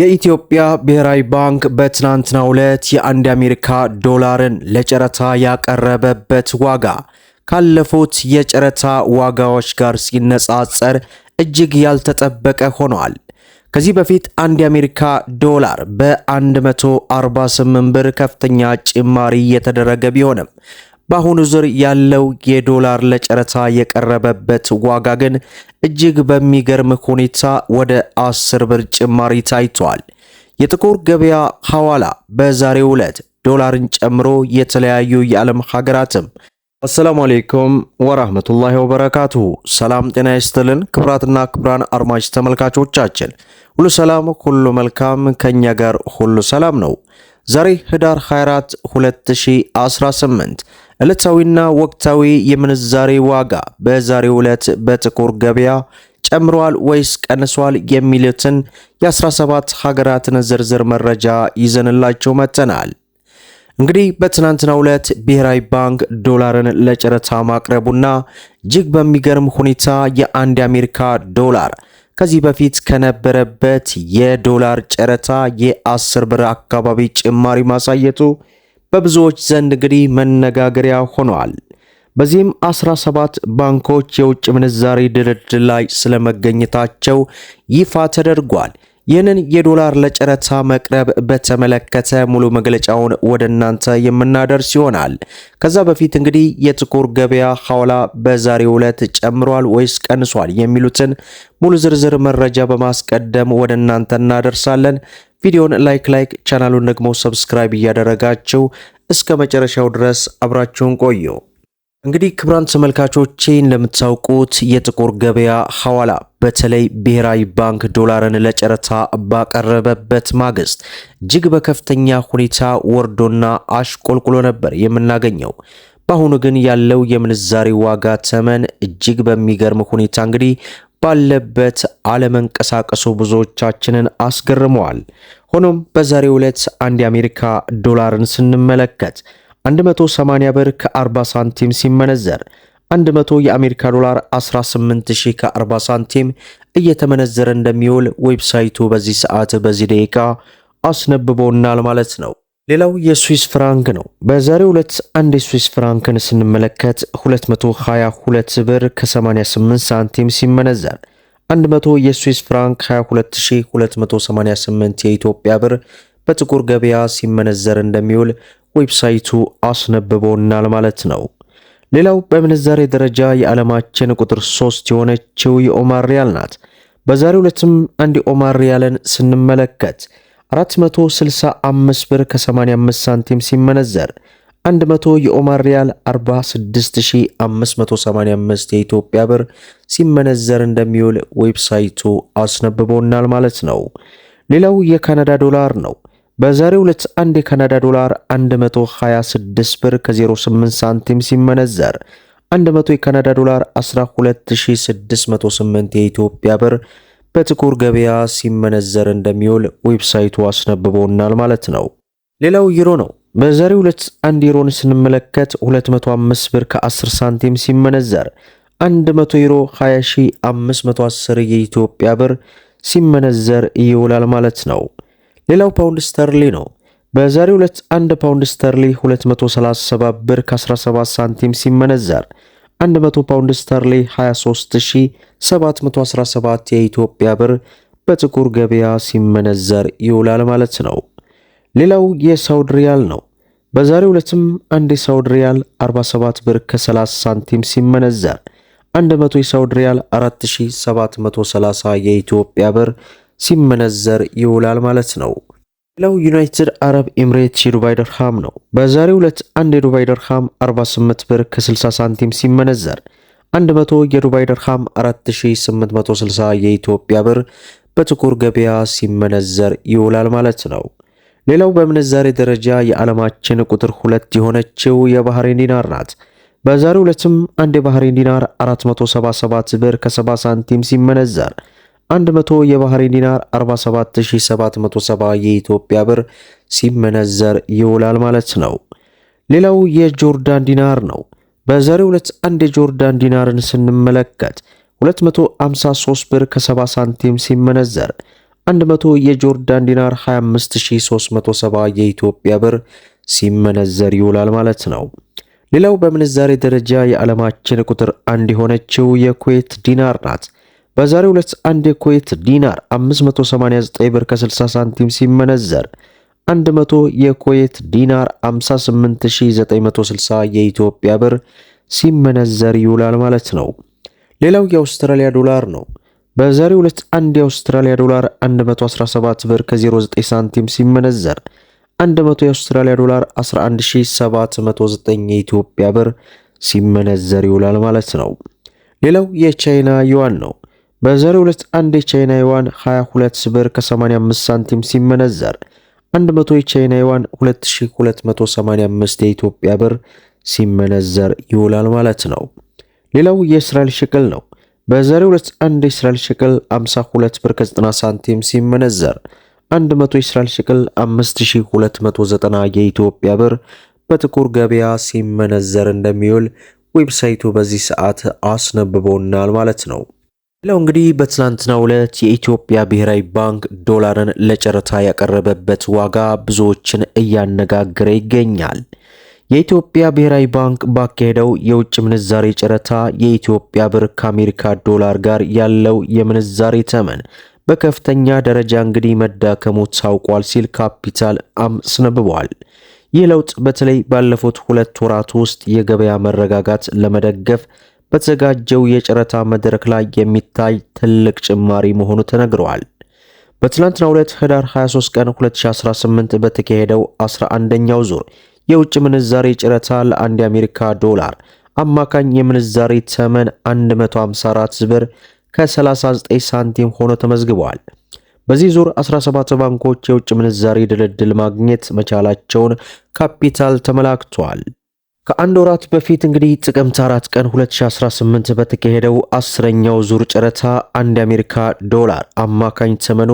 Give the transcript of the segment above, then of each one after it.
የኢትዮጵያ ብሔራዊ ባንክ በትናንትናው ዕለት የአንድ አሜሪካ ዶላርን ለጨረታ ያቀረበበት ዋጋ ካለፉት የጨረታ ዋጋዎች ጋር ሲነጻጸር እጅግ ያልተጠበቀ ሆኗል። ከዚህ በፊት አንድ የአሜሪካ ዶላር በ148 ብር ከፍተኛ ጭማሪ እየተደረገ ቢሆንም በአሁኑ ዙር ያለው የዶላር ለጨረታ የቀረበበት ዋጋ ግን እጅግ በሚገርም ሁኔታ ወደ አስር ብር ጭማሪ ታይቷል። የጥቁር ገበያ ሐዋላ በዛሬው ዕለት ዶላርን ጨምሮ የተለያዩ የዓለም ሀገራትም አሰላሙ አሌይኩም ወራህመቱላሂ ወበረካቱሁ። ሰላም ጤና ይስጥልን ክብራትና ክብራን አድማጭ ተመልካቾቻችን ሁሉ ሰላም ሁሉ መልካም፣ ከኛ ጋር ሁሉ ሰላም ነው። ዛሬ ህዳር 24 2018 ዕለታዊና ወቅታዊ የምንዛሬ ዋጋ በዛሬው ዕለት በጥቁር ገበያ ጨምሯል ወይስ ቀንሷል የሚሉትን የ17 ሀገራትን ዝርዝር መረጃ ይዘንላቸው መጥተናል። እንግዲህ በትናንትናው ዕለት ብሔራዊ ባንክ ዶላርን ለጨረታ ማቅረቡና እጅግ በሚገርም ሁኔታ የአንድ የአሜሪካ ዶላር ከዚህ በፊት ከነበረበት የዶላር ጨረታ የ10 ብር አካባቢ ጭማሪ ማሳየቱ በብዙዎች ዘንድ እንግዲህ መነጋገሪያ ሆኗል። በዚህም 17 ባንኮች የውጭ ምንዛሪ ድርድር ላይ ስለመገኘታቸው ይፋ ተደርጓል። ይህንን የዶላር ለጨረታ መቅረብ በተመለከተ ሙሉ መግለጫውን ወደ እናንተ የምናደርስ ይሆናል። ከዛ በፊት እንግዲህ የጥቁር ገበያ ሐዋላ በዛሬው ዕለት ጨምሯል ወይስ ቀንሷል የሚሉትን ሙሉ ዝርዝር መረጃ በማስቀደም ወደ እናንተ እናደርሳለን። ቪዲዮን ላይክ ላይክ ቻናሉን ደግሞ ሰብስክራይብ እያደረጋችሁ እስከ መጨረሻው ድረስ አብራችሁን ቆዩ። እንግዲህ ክብራን ተመልካቾቼ እንደምታውቁት የጥቁር ገበያ ሐዋላ በተለይ ብሔራዊ ባንክ ዶላርን ለጨረታ ባቀረበበት ማግስት እጅግ በከፍተኛ ሁኔታ ወርዶና አሽቆልቁሎ ነበር የምናገኘው። በአሁኑ ግን ያለው የምንዛሬ ዋጋ ተመን እጅግ በሚገርም ሁኔታ እንግዲህ ባለበት አለመንቀሳቀሱ ብዙዎቻችንን አስገርመዋል። ሆኖም በዛሬ ዕለት አንድ የአሜሪካ ዶላርን ስንመለከት 180 ብር ከ40 ሳንቲም ሲመነዘር 100 የአሜሪካ ዶላር 18000 ከ40 ሳንቲም እየተመነዘረ እንደሚውል ዌብሳይቱ በዚህ ሰዓት በዚህ ደቂቃ አስነብቦናል ማለት ነው። ሌላው የስዊስ ፍራንክ ነው። በዛሬው ዕለት አንድ የስዊስ ፍራንክን ስንመለከት 222 ብር ከ88 ሳንቲም ሲመነዘር 100 የስዊስ ፍራንክ 22288 የኢትዮጵያ ብር በጥቁር ገበያ ሲመነዘር እንደሚውል ዌብሳይቱ አስነብቦናል ማለት ነው። ሌላው በምንዛሬ ደረጃ የዓለማችን ቁጥር 3 የሆነችው የኦማር ሪያል ናት። በዛሬው ዕለትም አንድ የኦማር ሪያልን ስንመለከት 465 ብር ከ85 ሳንቲም ሲመነዘር 100 የኦማር ሪያል 46585 የኢትዮጵያ ብር ሲመነዘር እንደሚውል ዌብሳይቱ አስነብቦናል ማለት ነው። ሌላው የካናዳ ዶላር ነው። በዛሬው ዕለት አንድ የካናዳ ዶላር 126 ብር ከ08 ሳንቲም ሲመነዘር 100 የካናዳ ዶላር 12608 የኢትዮጵያ ብር በጥቁር ገበያ ሲመነዘር እንደሚውል ዌብሳይቱ አስነብቦናል ማለት ነው። ሌላው ዩሮ ነው። በዛሬው ዕለት አንድ ዩሮን ስንመለከት 205 ብር ከ10 ሳንቲም ሲመነዘር 100 ዩሮ 20510 የኢትዮጵያ ብር ሲመነዘር ይውላል ማለት ነው። ሌላው ፓውንድ ስተርሊ ነው። በዛሬው ዕለት 1 ፓውንድ ስተርሊ 237 ብር ከ17 ሳንቲም ሲመነዘር 100 ፓውንድ ስተርሊ 23717 የኢትዮጵያ ብር በጥቁር ገበያ ሲመነዘር ይውላል ማለት ነው። ሌላው የሳውድ ሪያል ነው። በዛሬው ዕለትም አንድ የሳውድ ሪያል 47 ብር ከ30 ሳንቲም ሲመነዘር 100 የሳውድ ሪያል 4730 የኢትዮጵያ ብር ሲመነዘር ይውላል ማለት ነው። ሌላው ዩናይትድ አረብ ኤምሬትስ የዱባይ ደርሃም ነው። በዛሬው ዕለት አንድ የዱባይ ደርሃም 48 ብር ከ60 ሳንቲም ሲመነዘር 100 የዱባይ ደርሃም 4860 የኢትዮጵያ ብር በጥቁር ገበያ ሲመነዘር ይውላል ማለት ነው። ሌላው በምንዛሬ ደረጃ የዓለማችን ቁጥር ሁለት የሆነችው የባህሬን ዲናር ናት። በዛሬው ዕለትም አንድ የባህሬን ዲናር 477 ብር ከ70 ሳንቲም ሲመነዘር 100 የባህሬን ዲናር 47770 የኢትዮጵያ ብር ሲመነዘር ይውላል ማለት ነው። ሌላው የጆርዳን ዲናር ነው። በዛሬው ዕለት አንድ የጆርዳን ዲናርን ስንመለከት 253 ብር ከ70 ሳንቲም ሲመነዘር 100 የጆርዳን ዲናር 25370 የኢትዮጵያ ብር ሲመነዘር ይውላል ማለት ነው። ሌላው በምንዛሬ ደረጃ የዓለማችን ቁጥር አንድ የሆነችው የኩዌት ዲናር ናት። በዛሬው ዕለት አንድ የኩዌት ዲናር 589 ብር ከ60 ሳንቲም ሲመነዘር 100 የኩዌት ዲናር 58960 የኢትዮጵያ ብር ሲመነዘር ይውላል ማለት ነው። ሌላው የአውስትራሊያ ዶላር ነው። በዛሬው ዕለት አንድ የአውስትራሊያ ዶላር 117 ብር ከ09 ሳንቲም ሲመነዘር 100 የአውስትራሊያ ዶላር 11709 የኢትዮጵያ ብር ሲመነዘር ይውላል ማለት ነው። ሌላው የቻይና ዩዋን ነው። በዛሬው ሁለት አንድ የቻይና ዩዋን 22 ብር ከ85 ሳንቲም ሲመነዘር 100 የቻይና ዩዋን 2285 የኢትዮጵያ ብር ሲመነዘር ይውላል ማለት ነው። ሌላው የእስራኤል ሽቅል ነው። በዛሬው ሁለት አንድ የእስራኤል ሽቅል 52 ብር ከ90 ሳንቲም ሲመነዘር 100 የእስራኤል ሽቅል 5290 የኢትዮጵያ ብር በጥቁር ገበያ ሲመነዘር እንደሚውል ዌብሳይቱ በዚህ ሰዓት አስነብቦናል ማለት ነው። ሌላው እንግዲህ በትናንትናው ዕለት የኢትዮጵያ ብሔራዊ ባንክ ዶላርን ለጨረታ ያቀረበበት ዋጋ ብዙዎችን እያነጋገረ ይገኛል። የኢትዮጵያ ብሔራዊ ባንክ ባካሄደው የውጭ ምንዛሬ ጨረታ የኢትዮጵያ ብር ከአሜሪካ ዶላር ጋር ያለው የምንዛሬ ተመን በከፍተኛ ደረጃ እንግዲህ መዳከሙ ታውቋል ሲል ካፒታል አስነብቧል። ይህ ለውጥ በተለይ ባለፉት ሁለት ወራት ውስጥ የገበያ መረጋጋት ለመደገፍ በተዘጋጀው የጨረታ መድረክ ላይ የሚታይ ትልቅ ጭማሪ መሆኑ ተነግረዋል። በትላንትና 2 ህዳር 23 ቀን 2018 በተካሄደው 11ኛው ዙር የውጭ ምንዛሬ ጨረታ ለአንድ የአሜሪካ ዶላር አማካኝ የምንዛሬ ተመን 154 ብር ከ39 ሳንቲም ሆኖ ተመዝግበዋል። በዚህ ዙር 17 ባንኮች የውጭ ምንዛሬ ድልድል ማግኘት መቻላቸውን ካፒታል ተመላክቷል። ከአንድ ወራት በፊት እንግዲህ ጥቅምት አራት ቀን 2018 በተካሄደው አስረኛው ዙር ጨረታ አንድ የአሜሪካ ዶላር አማካኝ ተመኑ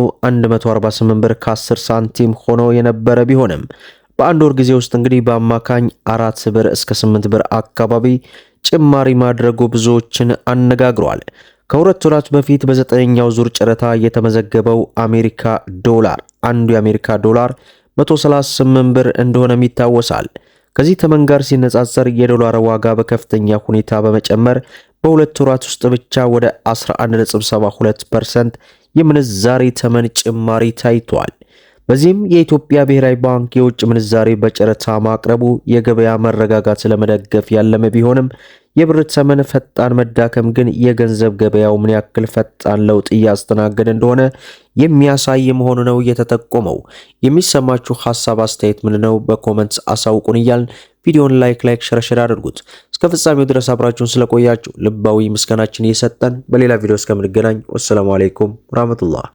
148 ብር ከ10 ሳንቲም ሆኖ የነበረ ቢሆንም በአንድ ወር ጊዜ ውስጥ እንግዲህ በአማካኝ አራት ብር እስከ 8 ብር አካባቢ ጭማሪ ማድረጉ ብዙዎችን አነጋግሯል። ከሁለት ወራት በፊት በዘጠነኛው ዙር ጨረታ የተመዘገበው አሜሪካ ዶላር አንዱ የአሜሪካ ዶላር 138 ብር እንደሆነም ይታወሳል። ከዚህ ተመን ጋር ሲነጻጸር የዶላር ዋጋ በከፍተኛ ሁኔታ በመጨመር በሁለት ወራት ውስጥ ብቻ ወደ 11.72% የምንዛሬ ተመን ጭማሪ ታይቷል። በዚህም የኢትዮጵያ ብሔራዊ ባንክ የውጭ ምንዛሬ በጨረታ ማቅረቡ የገበያ መረጋጋት ለመደገፍ ያለመ ቢሆንም የብር ተመን ፈጣን መዳከም ግን የገንዘብ ገበያው ምን ያክል ፈጣን ለውጥ እያስተናገደ እንደሆነ የሚያሳይ መሆኑ ነው የተጠቆመው። የሚሰማችሁ ሀሳብ አስተያየት ምን ነው? በኮመንት አሳውቁን እያልን ቪዲዮን ላይክ ላይክ ሸረሸር አድርጉት። እስከ ፍጻሜው ድረስ አብራችሁን ስለቆያችሁ ልባዊ ምስጋናችን እየሰጠን በሌላ ቪዲዮ እስከምንገናኝ ወሰላሙ አሌይኩም ወራህመቱላህ።